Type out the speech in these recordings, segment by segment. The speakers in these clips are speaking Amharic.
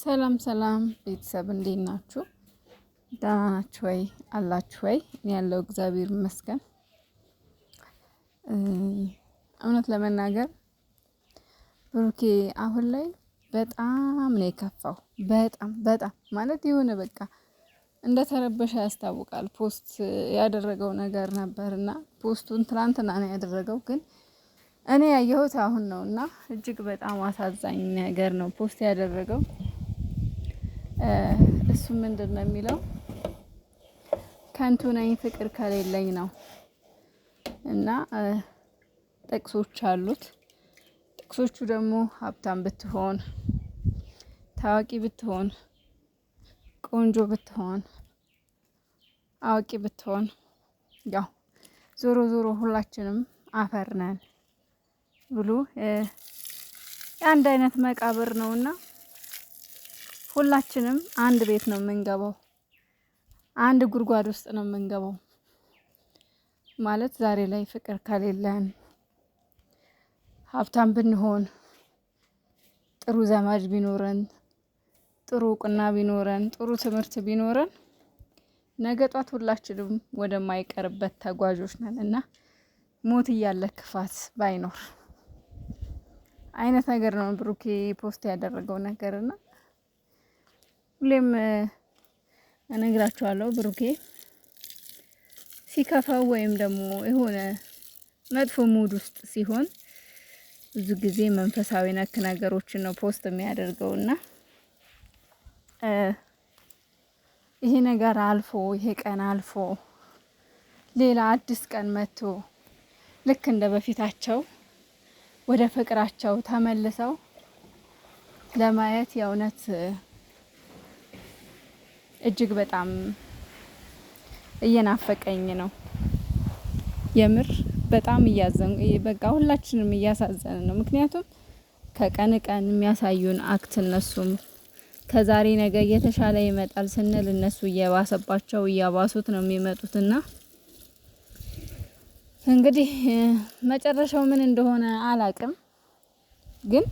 ሰላም ሰላም ቤተሰብ እንዴት ናችሁ? ደህና ናችሁ ወይ? አላችሁ ወይ? እኔ ያለው እግዚአብሔር ይመስገን። እውነት ለመናገር ብሩኬ አሁን ላይ በጣም ነው የከፋው። በጣም በጣም ማለት የሆነ በቃ ተረበሸ ያስታውቃል። ፖስት ያደረገው ነገር ነበርና ፖስቱን ትናንትና ነው ያደረገው ግን እኔ ያየሁት አሁን ነው እና እጅግ በጣም አሳዛኝ ነገር ነው ፖስት ያደረገው። እሱ ምንድን ነው የሚለው ከንቱ ነኝ ፍቅር ከሌለኝ ነው እና ጥቅሶች አሉት። ጥቅሶቹ ደግሞ ሀብታም ብትሆን፣ ታዋቂ ብትሆን፣ ቆንጆ ብትሆን፣ አዋቂ ብትሆን፣ ያው ዞሮ ዞሮ ሁላችንም አፈር ነን ብሎ የአንድ አይነት መቃብር ነውና ሁላችንም አንድ ቤት ነው የምንገባው፣ አንድ ጉድጓድ ውስጥ ነው የምንገባው። ማለት ዛሬ ላይ ፍቅር ከሌለን ሀብታም ብንሆን ጥሩ ዘመድ ቢኖረን ጥሩ እውቅና ቢኖረን ጥሩ ትምህርት ቢኖረን ነገ ጧት ሁላችንም ወደማይቀርበት ተጓዦች ነን እና ሞት እያለ ክፋት ባይኖር አይነት ነገር ነው ብሩኬ ፖስት ያደረገው ነገር እና ሁሌም እነግራችኋለሁ ብሩኬ ሲከፋው ወይም ደግሞ የሆነ መጥፎ ሙድ ውስጥ ሲሆን ብዙ ጊዜ መንፈሳዊ ነክ ነገሮችን ነው ፖስት የሚያደርገውና ይሄ ነገር አልፎ ይሄ ቀን አልፎ ሌላ አዲስ ቀን መጥቶ ልክ እንደ በፊታቸው ወደ ፍቅራቸው ተመልሰው ለማየት የእውነት እጅግ በጣም እየናፈቀኝ ነው። የምር በጣም እያዘን በቃ ሁላችንም እያሳዘን ነው። ምክንያቱም ከቀን ቀን የሚያሳዩን አክት እነሱም ከዛሬ ነገ እየተሻለ ይመጣል ስንል እነሱ እየባሰባቸው እያባሱት ነው የሚመጡትና እንግዲህ መጨረሻው ምን እንደሆነ አላቅም። ግን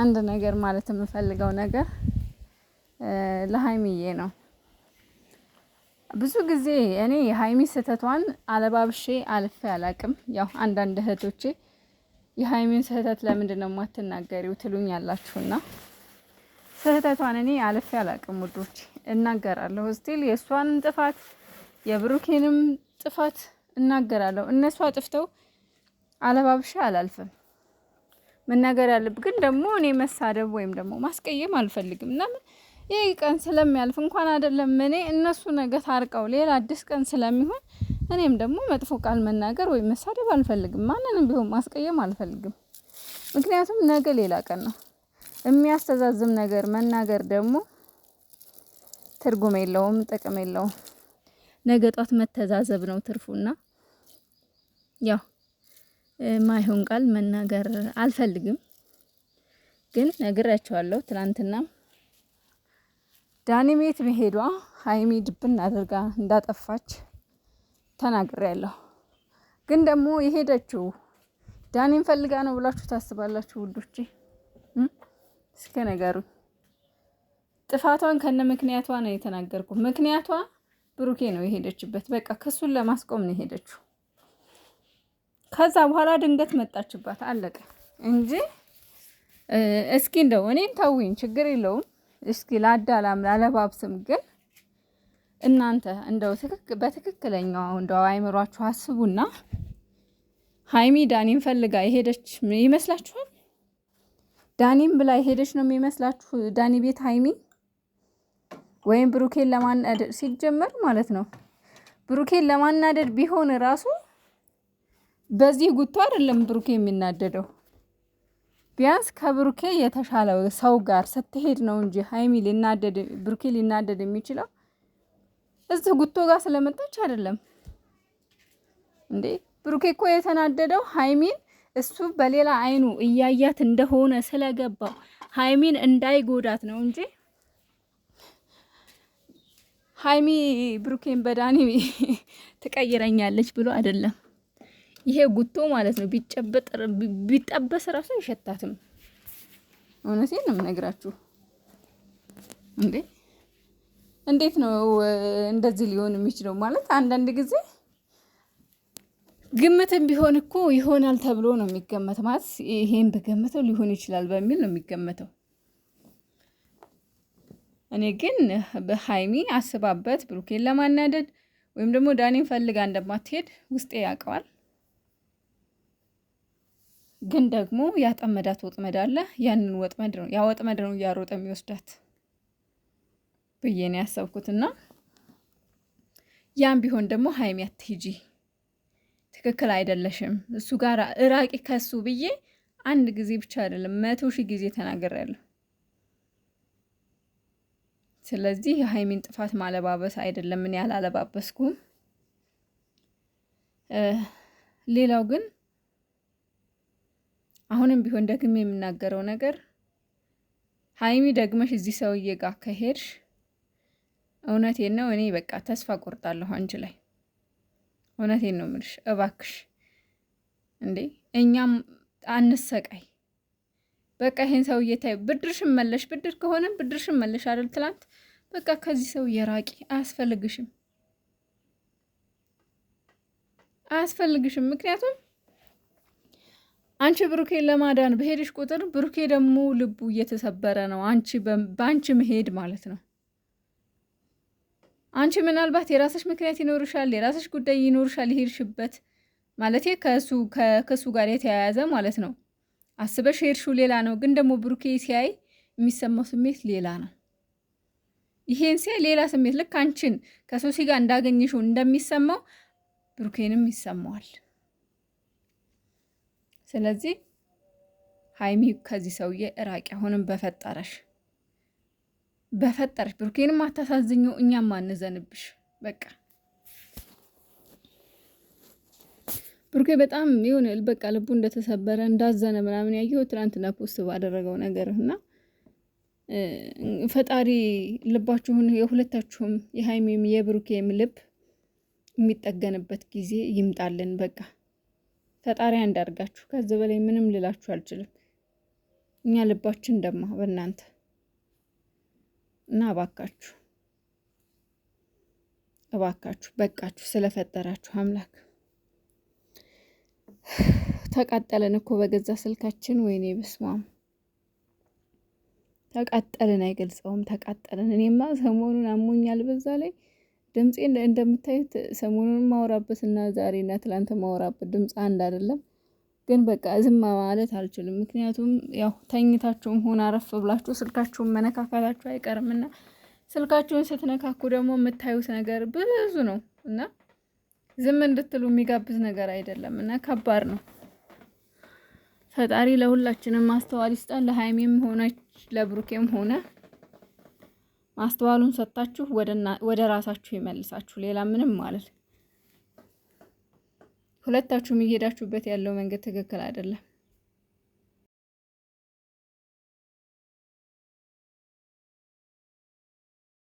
አንድ ነገር ማለት የምፈልገው ነገር ለሀይሚዬ ነው። ብዙ ጊዜ እኔ የሀይሚ ስህተቷን አለባብሼ አልፌ አላቅም። ያው አንዳንድ እህቶቼ የሀይሚን ስህተት ለምንድን ነው የማትናገሪው ትሉኝ ያላችሁና ስህተቷን እኔ አልፌ አላቅም ውዶች፣ እናገራለሁ። ስቲል የእሷን ጥፋት የብሩኬንም ጥፋት እናገራለሁ። እነሱ አጥፍተው አለባብሼ አላልፍም። መናገር ያለብ ግን ደግሞ እኔ መሳደብ ወይም ደግሞ ማስቀየም አልፈልግም ምናምን ይህ ቀን ስለሚያልፍ እንኳን አይደለም እኔ እነሱ ነገ ታርቀው ሌላ አዲስ ቀን ስለሚሆን እኔም ደግሞ መጥፎ ቃል መናገር ወይም መሳደብ አልፈልግም። ማንንም ቢሆን ማስቀየም አልፈልግም። ምክንያቱም ነገ ሌላ ቀን ነው። የሚያስተዛዝም ነገር መናገር ደግሞ ትርጉም የለውም፣ ጥቅም የለውም። ነገ ጧት መተዛዘብ ነው ትርፉና ያው ማይሆን ቃል መናገር አልፈልግም። ግን ነግሬያቸዋለሁ ትናንትና ዳኒ ቤት መሄዷ ሀይሚ ድብን አድርጋ እንዳጠፋች ተናግሬያለሁ። ግን ደግሞ የሄደችው ዳኒን ፈልጋ ነው ብላችሁ ታስባላችሁ ውዶች? እስከ ነገሩ ጥፋቷን ከነ ምክንያቷ ነው የተናገርኩ ምክንያቷ ብሩኬ ነው የሄደችበት። በቃ ክሱን ለማስቆም ነው የሄደችው። ከዛ በኋላ ድንገት መጣችባት አለቀ እንጂ። እስኪ እንደው እኔን ተውኝ፣ ችግር የለውም እስኪ ላዳላም ላለባብስም ግን እናንተ እንደው በትክክለኛው እንደው አይምሯችሁ አስቡና ሀይሚ ዳኒን ፈልጋ የሄደች ይመስላችኋል? ዳኒም ብላ የሄደች ነው የሚመስላችሁ? ዳኒ ቤት ሀይሚ ወይም ብሩኬን ለማናደድ ሲጀመር ማለት ነው። ብሩኬን ለማናደድ ቢሆን ራሱ በዚህ ጉቶ አይደለም ብሩኬ የሚናደደው ቢያንስ ከብሩኬ የተሻለ ሰው ጋር ስትሄድ ነው እንጂ ሀይሚ ሊናደድ ብሩኬ ሊናደድ የሚችለው እዚህ ጉቶ ጋር ስለመጣች አይደለም እንዴ። ብሩኬ እኮ የተናደደው ሀይሚን እሱ በሌላ አይኑ እያያት እንደሆነ ስለገባው ሀይሚን እንዳይጎዳት ነው እንጂ ሀይሚ ብሩኬን በዳኒ ትቀይረኛለች ብሎ አይደለም። ይሄ ጉቶ ማለት ነው ቢጨበጥ ቢጠበስ ራሱ አይሸታትም። እውነቴን ነው የምነግራችሁ። እንዴ እንዴት ነው እንደዚህ ሊሆን የሚችለው? ማለት አንዳንድ ጊዜ ግምትም ቢሆን እኮ ይሆናል ተብሎ ነው የሚገመት። ማለት ይሄን በገመተው ሊሆን ይችላል በሚል ነው የሚገመተው። እኔ ግን በሀይሚ አስባበት ብሩኬን ለማናደድ ወይም ደግሞ ዳኔን ፈልጋ እንደማትሄድ ውስጤ ያውቀዋል። ግን ደግሞ ያጠመዳት ወጥመድ አለ። ያንን ወጥመድ ነው ያ ወጥመድ ነው እያሮጠ የሚወስዳት ብዬ ነው ያሰብኩትና ያም ቢሆን ደግሞ ሀይሚ አትሂጂ፣ ትክክል አይደለሽም፣ እሱ ጋር እራቂ ከሱ ብዬ አንድ ጊዜ ብቻ አይደለም መቶ ሺህ ጊዜ ተናግሬያለሁ። ስለዚህ የሀይሚን ጥፋት ማለባበስ አይደለም፣ እኔ አላለባበስኩም። ሌላው ግን አሁንም ቢሆን ደግሜ የምናገረው ነገር ሀይሚ ደግመሽ እዚህ ሰውዬ ጋር ከሄድሽ እውነቴን ነው እኔ በቃ ተስፋ ቆርጣለሁ አንቺ ላይ እውነቴን ነው ምልሽ እባክሽ እንዴ እኛም አንሰቃይ። በቃ ይሄን ሰው ታይ። ብድርሽን መለሽ፣ ብድር ከሆነም ብድርሽን መለሽ አይደል? ትላንት በቃ ከዚህ ሰው ራቂ፣ አያስፈልግሽም፣ አያስፈልግሽም ምክንያቱም አንቺ ብሩኬን ለማዳን በሄድሽ ቁጥር ብሩኬ ደግሞ ልቡ እየተሰበረ ነው፣ አንቺ በአንቺ መሄድ ማለት ነው። አንቺ ምናልባት የራስሽ ምክንያት ይኖርሻል፣ የራስሽ ጉዳይ ይኖርሻል። ይሄድሽበት ማለት ከሱ ጋር የተያያዘ ማለት ነው። አስበሽ ሄድሽው ሌላ ነው፣ ግን ደግሞ ብሩኬ ሲያይ የሚሰማው ስሜት ሌላ ነው። ይሄን ሲያይ ሌላ ስሜት ልክ አንቺን ከሶሲ ጋር እንዳገኘሽው እንደሚሰማው ብሩኬንም ይሰማዋል። ስለዚህ ሀይሚ ከዚህ ሰውዬ እራቂ፣ አሁንም በፈጠረሽ በፈጠረሽ ብሩኬንም አታሳዝኙ፣ እኛም አንዘንብሽ። በቃ ብሩኬ በጣም የሆነ በቃ ልቡ እንደተሰበረ እንዳዘነ ምናምን ያየው ትናንትና ፖስት ባደረገው ነገር እና ፈጣሪ ልባችሁን የሁለታችሁም የሀይሚም የብሩኬም ልብ የሚጠገንበት ጊዜ ይምጣልን። በቃ ፈጣሪ እንዳርጋችሁ። ከዚህ በላይ ምንም ልላችሁ አልችልም። እኛ ልባችን ደማ በእናንተ እና እባካችሁ እባካችሁ በቃችሁ፣ ስለፈጠራችሁ አምላክ። ተቃጠለን እኮ በገዛ ስልካችን። ወይኔ በስማም ተቃጠልን፣ አይገልጸውም። ተቃጠልን። እኔማ ሰሞኑን አሞኛል በዛ ላይ ድምፄን እንደምታዩት ሰሞኑን ዛሬ ዛሬና ትላንት ማውራበት ድምፅ አንድ አይደለም። ግን በቃ ዝም ማለት አልችልም። ምክንያቱም ያው ተኝታችሁም ሆነ አረፍ ብላችሁ ስልካችሁን መነካካታችሁ አይቀርምና ስልካችሁን ስትነካኩ ደግሞ የምታዩት ነገር ብዙ ነው እና ዝም እንድትሉ የሚጋብዝ ነገር አይደለም እና ከባድ ነው። ፈጣሪ ለሁላችንም ማስተዋል ይስጠን። ለሀይሜም ሆነች ለብሩኬም ሆነ ማስተዋሉን ሰጥታችሁ ወደ ራሳችሁ ይመልሳችሁ። ሌላ ምንም ማለት ሁለታችሁም እየሄዳችሁበት ያለው መንገድ ትክክል አይደለም።